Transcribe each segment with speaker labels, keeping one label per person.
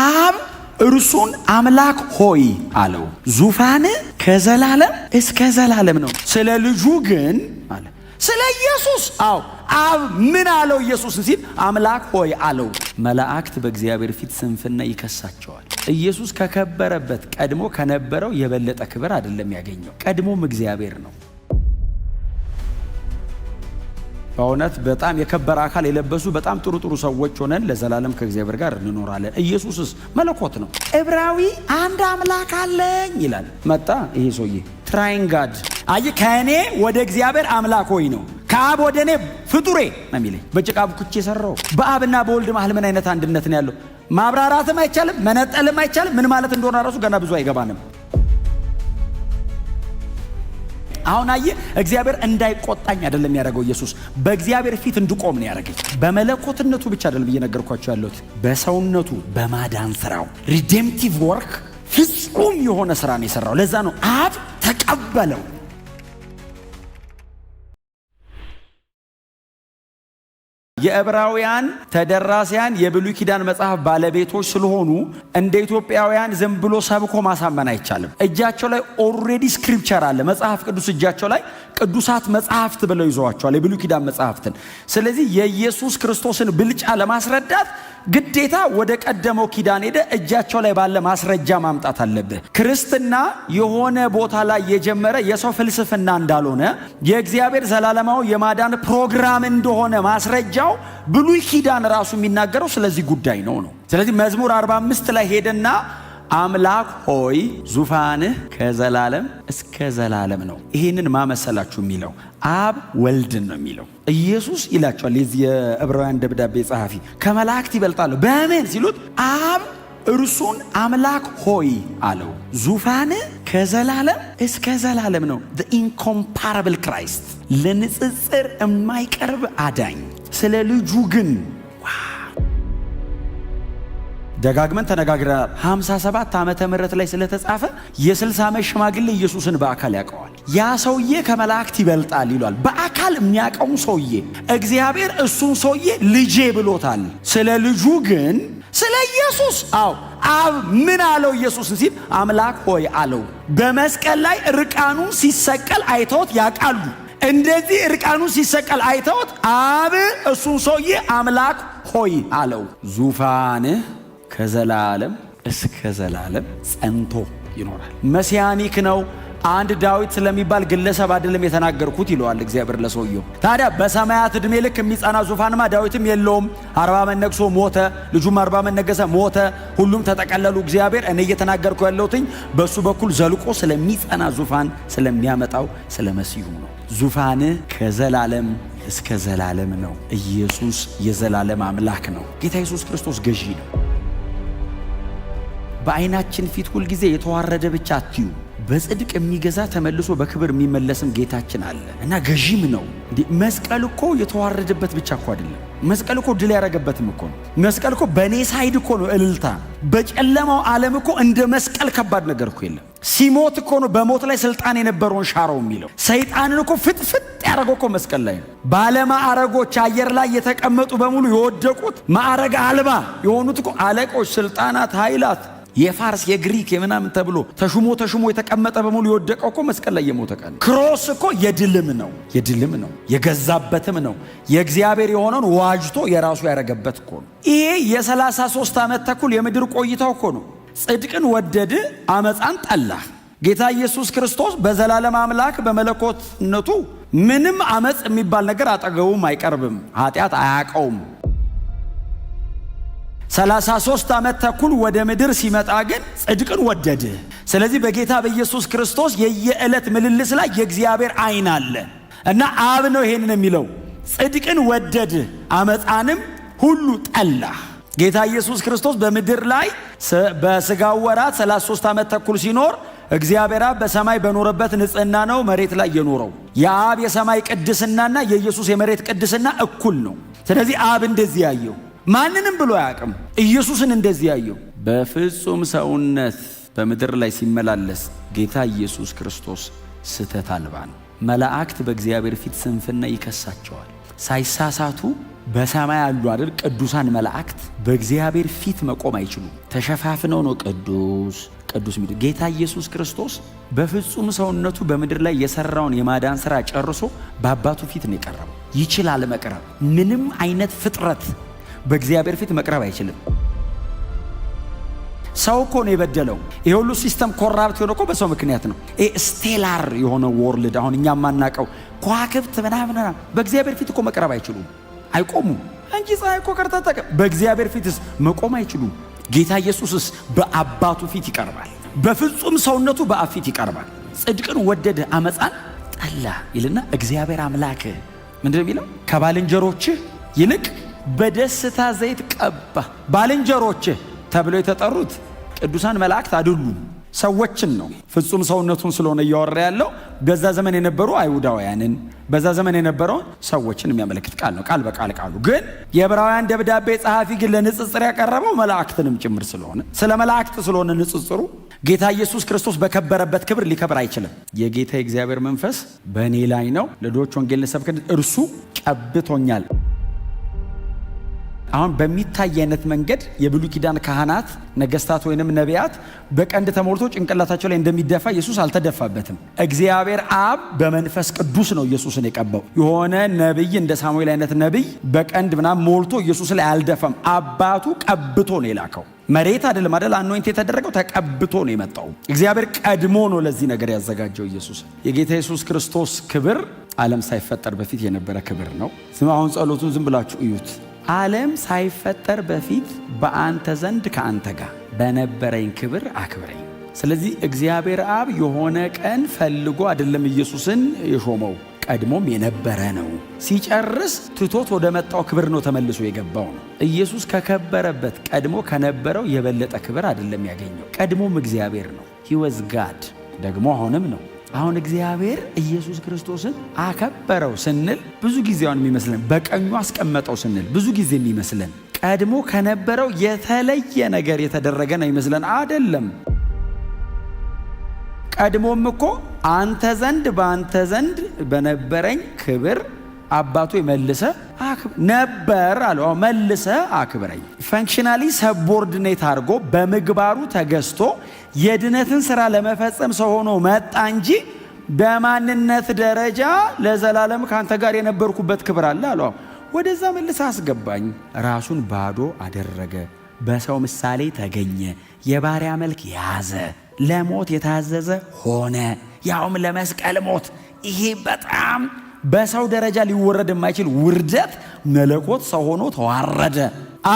Speaker 1: አብ እርሱን አምላክ ሆይ አለው። ዙፋን ከዘላለም እስከ ዘላለም ነው። ስለ ልጁ ግን አለ ስለ ኢየሱስ አው አብ ምን አለው? ኢየሱስን ሲል አምላክ ሆይ አለው። መላእክት በእግዚአብሔር ፊት ስንፍና ይከሳቸዋል። ኢየሱስ ከከበረበት ቀድሞ ከነበረው የበለጠ ክብር አይደለም ያገኘው፣ ቀድሞም እግዚአብሔር ነው። በእውነት በጣም የከበረ አካል የለበሱ በጣም ጥሩ ጥሩ ሰዎች ሆነን ለዘላለም ከእግዚአብሔር ጋር እንኖራለን። ኢየሱስስ መለኮት ነው። ዕብራዊ አንድ አምላክ አለኝ ይላል። መጣ ይሄ ሰውዬ ትራይንጋድ አይ ከእኔ ወደ እግዚአብሔር አምላክ ሆይ ነው ከአብ ወደ እኔ ፍጡሬ ነው የሚለኝ። በጭቃ የሰራው በአብና በወልድ መሀል ምን አይነት አንድነት ነው ያለው? ማብራራትም አይቻልም፣ መነጠልም አይቻልም። ምን ማለት እንደሆነ ራሱ ገና ብዙ አይገባንም። አሁን አየ እግዚአብሔር እንዳይቆጣኝ አይደለም ያደረገው ኢየሱስ በእግዚአብሔር ፊት እንድቆም ነው ያደረገኝ። በመለኮትነቱ ብቻ አይደለም እየነገርኳቸው ያለሁት በሰውነቱ በማዳን ስራው ሪዴምቲቭ ወርክ ፍጹም የሆነ ስራ ነው የሰራው። ለዛ ነው አብ ተቀበለው። የዕብራውያን ተደራሲያን የብሉይ ኪዳን መጽሐፍ ባለቤቶች ስለሆኑ እንደ ኢትዮጵያውያን ዝም ብሎ ሰብኮ ማሳመን አይቻልም። እጃቸው ላይ ኦልሬዲ ስክሪፕቸር አለ፣ መጽሐፍ ቅዱስ እጃቸው ላይ ቅዱሳት መጽሐፍት ብለው ይዘዋቸዋል፣ የብሉይ ኪዳን መጽሐፍትን። ስለዚህ የኢየሱስ ክርስቶስን ብልጫ ለማስረዳት ግዴታ ወደ ቀደመው ኪዳን ሄደ እጃቸው ላይ ባለ ማስረጃ ማምጣት አለብህ። ክርስትና የሆነ ቦታ ላይ የጀመረ የሰው ፍልስፍና እንዳልሆነ የእግዚአብሔር ዘላለማዊ የማዳን ፕሮግራም እንደሆነ ማስረጃው ብሉይ ኪዳን ራሱ የሚናገረው ስለዚህ ጉዳይ ነው ነው። ስለዚህ መዝሙር 45 ላይ ሄደና አምላክ ሆይ ዙፋንህ ከዘላለም እስከ ዘላለም ነው። ይህንን ማመሰላችሁ የሚለው አብ ወልድን ነው የሚለው ኢየሱስ ይላቸዋል። የዚህ የዕብራውያን ደብዳቤ ጸሐፊ ከመላእክት ይበልጣሉ በምን ሲሉት አብ እርሱን አምላክ ሆይ አለው። ዙፋን ከዘላለም እስከ ዘላለም ነው። ኢንኮምፓራብል ክራይስት ለንጽጽር የማይቀርብ አዳኝ ስለ ልጁ ግን ደጋግመን ተነጋግረናል። 57 ዓመተ ምህረት ላይ ስለተጻፈ የ60 ዓመት ሽማግሌ ኢየሱስን በአካል ያውቀዋል። ያ ሰውዬ ከመላእክት ይበልጣል ይሏል። በአካል የሚያውቀውን ሰውዬ እግዚአብሔር እሱን ሰውዬ ልጄ ብሎታል። ስለ ልጁ ግን ስለ ኢየሱስ አው አብ ምን አለው ኢየሱስን ሲል አምላክ ሆይ አለው። በመስቀል ላይ እርቃኑን ሲሰቀል አይተውት ያውቃሉ። እንደዚህ እርቃኑን ሲሰቀል አይተውት አብ እሱን ሰውዬ አምላክ ሆይ አለው ዙፋንህ ከዘላለም እስከ ዘላለም ጸንቶ ይኖራል። መሲያኒክ ነው። አንድ ዳዊት ስለሚባል ግለሰብ አይደለም የተናገርኩት ይለዋል እግዚአብሔር ለሰውየው። ታዲያ በሰማያት ዕድሜ ልክ የሚጸና ዙፋንማ ዳዊትም የለውም። አርባ ዓመት ነግሶ ሞተ፣ ልጁም አርባ ዓመት ነገሰ፣ ሞተ። ሁሉም ተጠቀለሉ። እግዚአብሔር እኔ እየተናገርኩ ያለሁትኝ በእሱ በኩል ዘልቆ ስለሚጸና ዙፋን ስለሚያመጣው ስለ መሲሁ ነው። ዙፋንህ ከዘላለም እስከ ዘላለም ነው። ኢየሱስ የዘላለም አምላክ ነው። ጌታ ኢየሱስ ክርስቶስ ገዢ ነው። በዓይናችን ፊት ሁልጊዜ የተዋረደ ብቻ አትዩ። በጽድቅ የሚገዛ ተመልሶ በክብር የሚመለስም ጌታችን አለ እና ገዢም ነው። እንዲህ መስቀል እኮ የተዋረደበት ብቻ እኮ አይደለም። መስቀል እኮ ድል ያደረገበትም እኮ ነው። መስቀል እኮ በእኔ ሳይድ እኮ ነው እልልታ። በጨለማው ዓለም እኮ እንደ መስቀል ከባድ ነገር እኮ የለም። ሲሞት እኮ ነው በሞት ላይ ስልጣን የነበረውን ሻረው የሚለው። ሰይጣንን እኮ ፍጥፍጥ ያደረገው እኮ መስቀል ላይ ነው። ባለማዕረጎች አየር ላይ የተቀመጡ በሙሉ የወደቁት ማዕረግ አልባ የሆኑት እኮ አለቆች፣ ስልጣናት፣ ኃይላት የፋርስ የግሪክ የምናምን ተብሎ ተሹሞ ተሹሞ የተቀመጠ በሙሉ የወደቀው እኮ መስቀል ላይ የሞተ ቀን። ክሮስ እኮ የድልም ነው የድልም ነው የገዛበትም ነው የእግዚአብሔር የሆነውን ዋጅቶ የራሱ ያረገበት እኮ ነው። ይሄ የ33 ዓመት ተኩል የምድር ቆይታው እኮ ነው። ጽድቅን ወደድ አመፃን ጠላህ። ጌታ ኢየሱስ ክርስቶስ በዘላለም አምላክ በመለኮትነቱ ምንም አመፅ የሚባል ነገር አጠገቡም አይቀርብም። ኃጢአት አያቀውም። ሰላሳ ሶስት ዓመት ተኩል ወደ ምድር ሲመጣ ግን ጽድቅን ወደድ። ስለዚህ በጌታ በኢየሱስ ክርስቶስ የየዕለት ምልልስ ላይ የእግዚአብሔር አይን አለ እና አብ ነው ይሄንን የሚለው ጽድቅን ወደድ አመፃንም ሁሉ ጠላ። ጌታ ኢየሱስ ክርስቶስ በምድር ላይ በስጋው ወራት 33 ዓመት ተኩል ሲኖር እግዚአብሔር አብ በሰማይ በኖረበት ንጽህና ነው መሬት ላይ የኖረው። የአብ የሰማይ ቅድስናና የኢየሱስ የመሬት ቅድስና እኩል ነው። ስለዚህ አብ እንደዚህ ያየው ማንንም ብሎ አያውቅም። ኢየሱስን እንደዚህ ያየው በፍጹም ሰውነት በምድር ላይ ሲመላለስ ጌታ ኢየሱስ ክርስቶስ ስህተት አልባ ነው። መላእክት በእግዚአብሔር ፊት ስንፍና ይከሳቸዋል። ሳይሳሳቱ በሰማይ ያሉ አይደል ቅዱሳን መላእክት በእግዚአብሔር ፊት መቆም አይችሉም። ተሸፋፍነው ነው ቅዱስ ቅዱስ የሚሉ ጌታ ኢየሱስ ክርስቶስ በፍጹም ሰውነቱ በምድር ላይ የሰራውን የማዳን ስራ ጨርሶ በአባቱ ፊት ነው የቀረበው። ይችላል መቅረብ ምንም አይነት ፍጥረት በእግዚአብሔር ፊት መቅረብ አይችልም። ሰው እኮ ነው የበደለው። ይሄ ሁሉ ሲስተም ኮራፕት የሆነ እኮ በሰው ምክንያት ነው። ይሄ ስቴላር የሆነ ወርልድ አሁን እኛ የማናቀው ከዋክብት ምናምን በእግዚአብሔር ፊት እኮ መቅረብ አይችሉም፣ አይቆሙም እንጂ ፀሐይ እኮ ከርታጠቀ በእግዚአብሔር ፊትስ መቆም አይችሉም። ጌታ ኢየሱስስ በአባቱ ፊት ይቀርባል። በፍጹም ሰውነቱ በአብ ፊት ይቀርባል። ጽድቅን ወደደ አመፃን ጠላ ይልና እግዚአብሔር አምላክ ምንድን ነው የሚለው ከባልንጀሮችህ ይልቅ በደስታ ዘይት ቀባ። ባልንጀሮቼ ተብለው የተጠሩት ቅዱሳን መላእክት አይደሉም፣ ሰዎችን ነው። ፍጹም ሰውነቱን ስለሆነ እያወራ ያለው በዛ ዘመን የነበሩ አይሁዳውያንን በዛ ዘመን የነበረውን ሰዎችን የሚያመለክት ቃል ነው። ቃል በቃል ቃሉ ግን የዕብራውያን ደብዳቤ ጸሐፊ ግን ለንጽጽር ያቀረበው መላእክትንም ጭምር ስለሆነ ስለ መላእክት ስለሆነ ንጽጽሩ ጌታ ኢየሱስ ክርስቶስ በከበረበት ክብር ሊከብር አይችልም። የጌታ የእግዚአብሔር መንፈስ በእኔ ላይ ነው፣ ለድሆች ወንጌል ልሰብክ እርሱ ቀብቶኛል። አሁን በሚታይ አይነት መንገድ የብሉይ ኪዳን ካህናት፣ ነገስታት ወይንም ነቢያት በቀንድ ተሞልቶ ጭንቅላታቸው ላይ እንደሚደፋ ኢየሱስ አልተደፋበትም። እግዚአብሔር አብ በመንፈስ ቅዱስ ነው ኢየሱስን የቀባው። የሆነ ነቢይ እንደ ሳሙኤል አይነት ነቢይ በቀንድ ምናምን ሞልቶ ኢየሱስ ላይ አልደፋም። አባቱ ቀብቶ ነው የላከው። መሬት አይደለም አይደል? አኖይንት የተደረገው ተቀብቶ ነው የመጣው። እግዚአብሔር ቀድሞ ነው ለዚህ ነገር ያዘጋጀው። ኢየሱስ የጌታ ኢየሱስ ክርስቶስ ክብር ዓለም ሳይፈጠር በፊት የነበረ ክብር ነው። ስም አሁን ጸሎቱን ዝም ብላችሁ እዩት። ዓለም ሳይፈጠር በፊት በአንተ ዘንድ ከአንተ ጋር በነበረኝ ክብር አክብረኝ። ስለዚህ እግዚአብሔር አብ የሆነ ቀን ፈልጎ አይደለም ኢየሱስን የሾመው ቀድሞም የነበረ ነው። ሲጨርስ ትቶት ወደ መጣው ክብር ነው ተመልሶ የገባው ነው። ኢየሱስ ከከበረበት ቀድሞ ከነበረው የበለጠ ክብር አይደለም ያገኘው። ቀድሞም እግዚአብሔር ነው። ሂወዝ ጋድ ደግሞ አሁንም ነው። አሁን እግዚአብሔር ኢየሱስ ክርስቶስን አከበረው ስንል ብዙ ጊዜውን የሚመስለን በቀኙ አስቀመጠው ስንል ብዙ ጊዜ የሚመስለን ቀድሞ ከነበረው የተለየ ነገር ነው ይመስለን። አደለም። ቀድሞም እኮ አንተ ዘንድ በአንተ ዘንድ በነበረኝ ክብር አባቱ የመልሰ ነበር አለ መልሰ አክብረኝ። ፈንክሽናሊ ሰቦርድኔት አድርጎ በምግባሩ ተገዝቶ የድነትን ስራ ለመፈጸም ሰው ሆኖ መጣ እንጂ በማንነት ደረጃ ለዘላለም ከአንተ ጋር የነበርኩበት ክብር አለ አለ። ወደዛ መልሰ አስገባኝ። ራሱን ባዶ አደረገ። በሰው ምሳሌ ተገኘ። የባሪያ መልክ ያዘ። ለሞት የታዘዘ ሆነ፣ ያውም ለመስቀል ሞት። ይሄ በጣም በሰው ደረጃ ሊወረድ የማይችል ውርደት መለኮት ሰው ሆኖ ተዋረደ።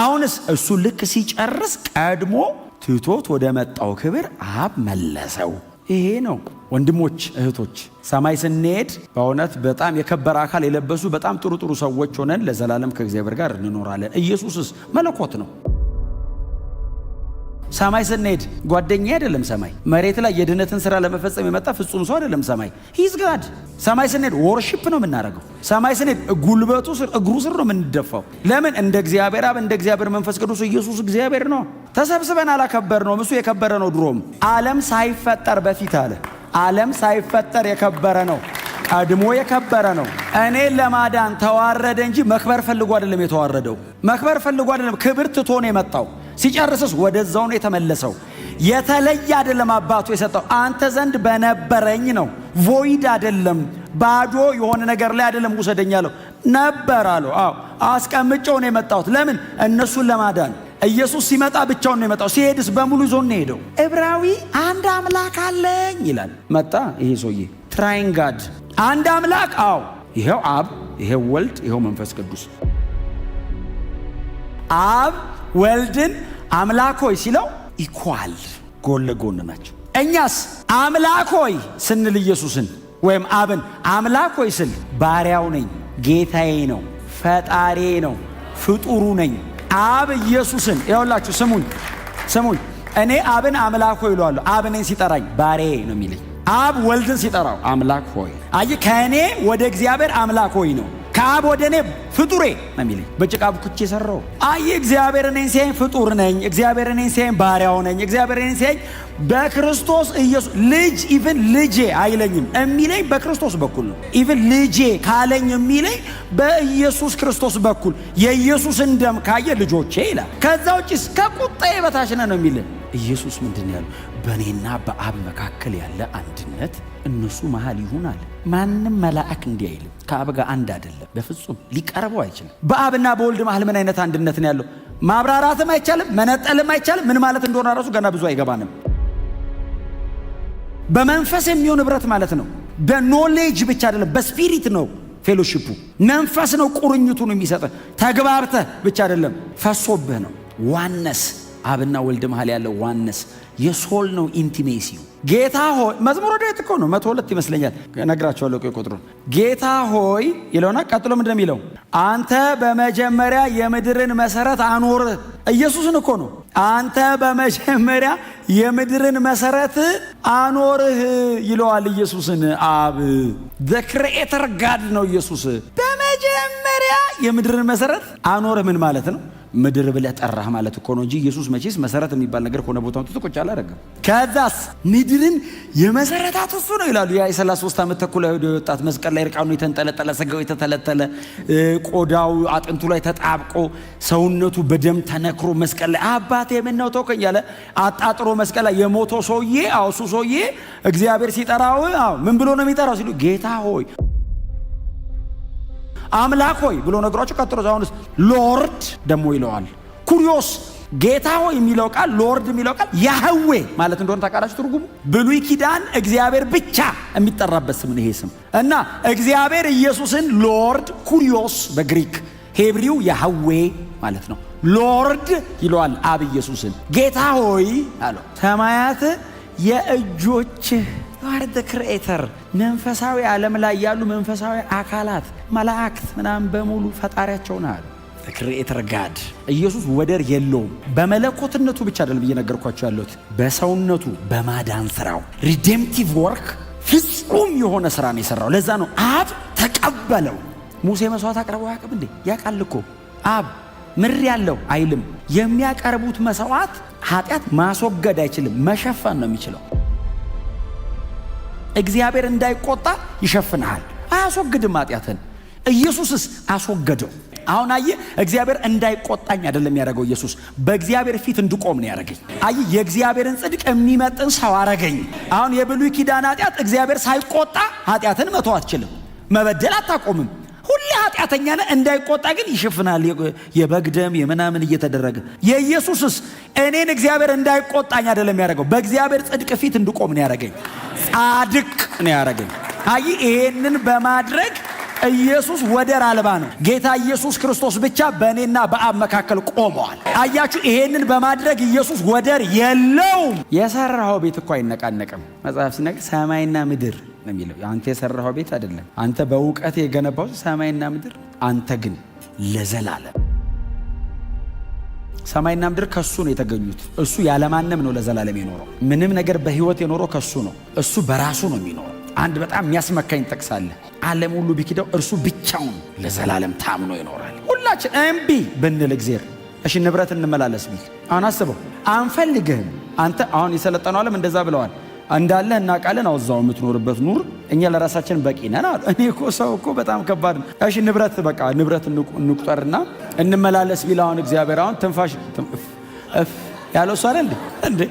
Speaker 1: አሁንስ እሱ ልክ ሲጨርስ ቀድሞ ትቶት ወደ መጣው ክብር አብ መለሰው። ይሄ ነው ወንድሞች እህቶች፣ ሰማይ ስንሄድ በእውነት በጣም የከበረ አካል የለበሱ በጣም ጥሩ ጥሩ ሰዎች ሆነን ለዘላለም ከእግዚአብሔር ጋር እንኖራለን። ኢየሱስስ መለኮት ነው። ሰማይ ስንሄድ ጓደኛ አይደለም ሰማይ። መሬት ላይ የድህነትን ስራ ለመፈጸም የመጣ ፍጹም ሰው አይደለም ሰማይ። ሂዝ ጋድ። ሰማይ ስንሄድ ወርሺፕ ነው የምናደርገው። ሰማይ ስንሄድ ጉልበቱ ስር፣ እግሩ ስር ነው የምንደፋው። ለምን? እንደ እግዚአብሔር አብ፣ እንደ እግዚአብሔር መንፈስ ቅዱስ። ኢየሱስ እግዚአብሔር ነው። ተሰብስበን አላከበር ነው። እሱ የከበረ ነው። ድሮም ዓለም ሳይፈጠር በፊት አለ። ዓለም ሳይፈጠር የከበረ ነው። ቀድሞ የከበረ ነው። እኔ ለማዳን ተዋረደ እንጂ መክበር ፈልጎ አይደለም የተዋረደው። መክበር ፈልጎ አይደለም። ክብር ትቶ ነው የመጣው ሲጨርስስ ወደዛው ነው የተመለሰው። የተለየ አይደለም። አባቱ የሰጠው አንተ ዘንድ በነበረኝ ነው። ቮይድ አይደለም፣ ባዶ የሆነ ነገር ላይ አይደለም። ውሰደኝ አለው። ነበር አለው። አዎ አስቀምጬው ነው የመጣሁት። ለምን? እነሱን ለማዳን ኢየሱስ ሲመጣ ብቻውን ነው የመጣው። ሲሄድስ በሙሉ ይዞ ነው የሄደው። ዕብራዊ አንድ አምላክ አለኝ ይላል። መጣ ይሄ ሰውዬ ጋድ አንድ አምላክ አዎ፣ ይኸው አብ፣ ይሄው ወልድ፣ ይሄው መንፈስ ቅዱስ አብ ወልድን አምላክ ሆይ ሲለው ኢኳል ጎን ለጎን ናቸው። እኛስ አምላክ ሆይ ስንል ኢየሱስን ወይም አብን አምላክ ሆይ ስል ባሪያው ነኝ፣ ጌታዬ ነው፣ ፈጣሬ ነው፣ ፍጡሩ ነኝ። አብ ኢየሱስን ይኸውላችሁ፣ ስሙኝ ስሙኝ፣ እኔ አብን አምላክ ሆይ ይለዋለሁ። አብ እኔን ሲጠራኝ ባሪያዬ ነው የሚለኝ። አብ ወልድን ሲጠራው አምላክ ሆይ አይ ከእኔ ወደ እግዚአብሔር አምላክ ሆይ ነው ከአብ ወደ እኔ ፍጡሬ ነው የሚለኝ። በጭቃ ቡክቼ የሰራው አይ እግዚአብሔር እኔን ሲያኝ ፍጡር ነኝ፣ እግዚአብሔር እኔን ሲያኝ ባሪያው ነኝ፣ እግዚአብሔር እኔን ሲያኝ በክርስቶስ ኢየሱስ ልጅ ኢቭን ልጄ አይለኝም የሚለኝ በክርስቶስ በኩል ነው። ኢቭን ልጄ ካለኝ የሚለኝ በኢየሱስ ክርስቶስ በኩል የኢየሱስን ደም ካየ ልጆቼ ይላል። ከዛ ውጭ እስከ ቁጣዬ በታች ነው የሚልን ኢየሱስ ምንድን ያሉ በእኔና በአብ መካከል ያለ አንድነት እነሱ መሀል ይሁን አለ። ማንም መላእክ እንዲህ አይልም። ከአብ ጋር አንድ አይደለም፣ በፍጹም ሊቀርበው አይችልም። በአብና በወልድ መሃል ምን አይነት አንድነት ነው ያለው? ማብራራትም አይቻልም፣ መነጠልም አይቻልም። ምን ማለት እንደሆነ ራሱ ገና ብዙ አይገባንም። በመንፈስ የሚሆን ኅብረት ማለት ነው። በኖሌጅ ብቻ አይደለም፣ በስፒሪት ነው ፌሎሺፑ። መንፈስ ነው ቁርኝቱን የሚሰጥ። ተግባብተህ ብቻ አይደለም፣ ፈሶብህ ነው ዋነስ አብና ወልድ መሃል ያለው ዋነስ የሶል ነው። ኢንቲሜሲ ጌታ ሆይ መዝሙረ ዳዊት እኮ ነው። መቶ ሁለት ይመስለኛል ነግራቸዋለሁ ቁጥሩን። ጌታ ሆይ ይለውና ቀጥሎ ምንድን ነው የሚለው? አንተ በመጀመሪያ የምድርን መሰረት አኖር። ኢየሱስን እኮ ነው። አንተ በመጀመሪያ የምድርን መሰረት አኖርህ ይለዋል ኢየሱስን አብ። ዘ ክሬኤተር ጋድ ነው ኢየሱስ። በመጀመሪያ የምድርን መሰረት አኖርህ ምን ማለት ነው? ምድር ብለ ጠራህ ማለት እኮ ነው እንጂ ኢየሱስ መቼስ መሰረት የሚባል ነገር ከሆነ ቦታ መጥቶ ቁጭ አላደረገም። ከዛስ ምድርን የመሰረታት እሱ ነው ይላሉ። ያ የሰላሳ ሶስት ዓመት ተኩል ሄዶ ወጣት መስቀል ላይ እርቃኑ የተንጠለጠለ ስጋው የተተለተለ ቆዳው አጥንቱ ላይ ተጣብቆ ሰውነቱ በደም ተነክሮ መስቀል ላይ አባቴ የምነው ተውከኝ ያለ አጣጥሮ መስቀል ላይ የሞተው ሰውዬ እሱ ሰውዬ እግዚአብሔር ሲጠራው ምን ብሎ ነው የሚጠራው ሲሉ ጌታ ሆይ አምላክ ሆይ ብሎ ነግሯቸው ቀጥሮ ዛሁንስ ሎርድ ደግሞ ይለዋል። ኩሪዮስ ጌታ ሆይ የሚለው ቃል ሎርድ የሚለው ቃል ያህዌ ማለት እንደሆነ ታውቃላችሁ ትርጉሙ። ብሉይ ኪዳን እግዚአብሔር ብቻ የሚጠራበት ስም ይሄ ስም እና እግዚአብሔር ኢየሱስን ሎርድ ኩሪዮስ በግሪክ ሄብሪው ያህዌ ማለት ነው። ሎርድ ይለዋል አብ ኢየሱስን ጌታ ሆይ አለው ሰማያት የእጆችህ ዩአር ደ ክሬተር መንፈሳዊ ዓለም ላይ ያሉ መንፈሳዊ አካላት መላእክት ምናምን በሙሉ ፈጣሪያቸው ናል። ክሬተር ጋድ ኢየሱስ ወደር የለውም። በመለኮትነቱ ብቻ አይደለም እየነገርኳቸው ያለሁት በሰውነቱ በማዳን ስራው ሪዴምቲቭ ወርክ ፍጹም የሆነ ስራ ነው የሰራው። ለዛ ነው አብ ተቀበለው። ሙሴ መስዋዕት አቅርቦ ያቅም እንዴ ያውቃል እኮ አብ ምር ያለው አይልም። የሚያቀርቡት መስዋዕት ኃጢአት ማስወገድ አይችልም፣ መሸፈን ነው የሚችለው። እግዚአብሔር እንዳይቆጣ ይሸፍንሃል፣ አያስወግድም ኃጢአትን። ኢየሱስስ አስወገደው። አሁን አየ እግዚአብሔር እንዳይቆጣኝ አይደለም ያደረገው ኢየሱስ በእግዚአብሔር ፊት እንድቆም ነው ያደረገኝ። አየ የእግዚአብሔርን ጽድቅ የሚመጥን ሰው አረገኝ። አሁን የብሉይ ኪዳን ኃጢአት እግዚአብሔር ሳይቆጣ ኃጢአትን መተው አትችልም፣ መበደል አታቆምም። ሁሌ ኃጢአተኛ ነህ እንዳይቆጣ ግን ይሸፍናል። የበግ ደም የምናምን እየተደረገ የኢየሱስስ እኔን እግዚአብሔር እንዳይቆጣኝ አይደለም ያደረገው፣ በእግዚአብሔር ጽድቅ ፊት እንድቆም ነው ያደረገኝ። ጻድቅ ነው ያደረገኝ። አይ ይሄንን በማድረግ ኢየሱስ ወደር አልባ ነው። ጌታ ኢየሱስ ክርስቶስ ብቻ በእኔና በአብ መካከል ቆመዋል። አያችሁ፣ ይሄንን በማድረግ ኢየሱስ ወደር የለውም። የሰራኸው ቤት እኮ አይነቃነቅም። መጽሐፍ ሲነግር ሰማይና ምድር ነው የሚለው። አንተ የሰራኸው ቤት አይደለም፣ አንተ በእውቀት የገነባው ሰማይና ምድር፣ አንተ ግን ለዘላለም ሰማይና ምድር ከሱ ነው የተገኙት። እሱ ያለማንም ነው ለዘላለም የኖረው። ምንም ነገር በህይወት የኖረው ከሱ ነው። እሱ በራሱ ነው የሚኖረው። አንድ በጣም የሚያስመካኝ ጥቅስ አለ። ዓለም ሁሉ ቢክደው እርሱ ብቻውን ለዘላለም ታምኖ ይኖራል። ሁላችን እምቢ ብንል እግዜር እሺ ንብረት እንመላለስ ቢል አሁን አስበው፣ አንፈልግህም አንተ አሁን የሰለጠነው ዓለም እንደዛ ብለዋል። እንዳለ እናውቃለን። አውዛው የምትኖርበት ኑር፣ እኛ ለራሳችን በቂ ነን አሉ። እኔ እኮ ሰው እኮ በጣም ከባድ ነው። እሺ ንብረት በቃ ንብረት እንቁጠርና እንመላለስ ቢል አሁን እግዚአብሔር አሁን ትንፋሽ እፍ ያለው እሱ አለ እንዴ?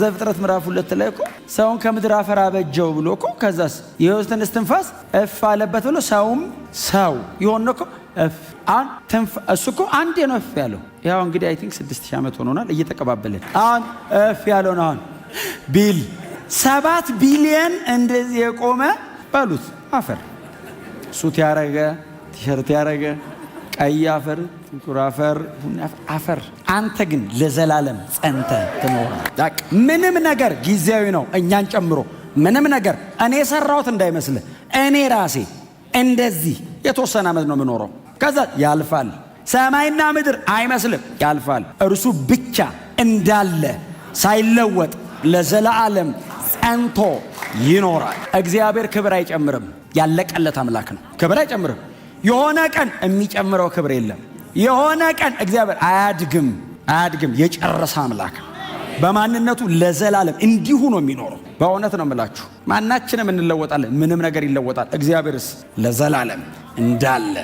Speaker 1: ዘፍጥረት ምዕራፍ ሁለት ላይ እኮ ሰውን ከምድር አፈር አበጀው ብሎ እኮ ከዛስ የሕይወትን እስትንፋስ እፍ አለበት ብሎ ሰውም ሰው የሆነ እኮ እሱ እኮ አንዴ ነው እፍ ያለው። ያው እንግዲህ አይ ቲንክ ስድስት ሺህ ዓመት ሆኖናል እየተቀባበልን አሁን እፍ ያለውን አሁን ቢል ሰባት ቢሊየን እንደዚህ የቆመ በሉት አፈር ሱት ያረገ ቲሸርት ያረገ ቀይ አፈር፣ ጥቁር አፈር፣ አፈር። አንተ ግን ለዘላለም ጸንተ ትኖራል። ምንም ነገር ጊዜያዊ ነው፣ እኛን ጨምሮ ምንም ነገር እኔ የሰራሁት እንዳይመስልህ። እኔ ራሴ እንደዚህ የተወሰነ ዓመት ነው የምኖረው፣ ከዛ ያልፋል። ሰማይና ምድር አይመስልም፣ ያልፋል። እርሱ ብቻ እንዳለ ሳይለወጥ ለዘላለም ጸንቶ ይኖራል። እግዚአብሔር ክብር አይጨምርም። ያለቀለት አምላክ ነው። ክብር አይጨምርም። የሆነ ቀን የሚጨምረው ክብር የለም። የሆነ ቀን እግዚአብሔር አያድግም፣ አያድግም። የጨረሰ አምላክ በማንነቱ ለዘላለም እንዲሁ ነው የሚኖረው። በእውነት ነው የምላችሁ፣ ማናችንም እንለወጣለን። ምንም ነገር ይለወጣል። እግዚአብሔርስ ለዘላለም እንዳለ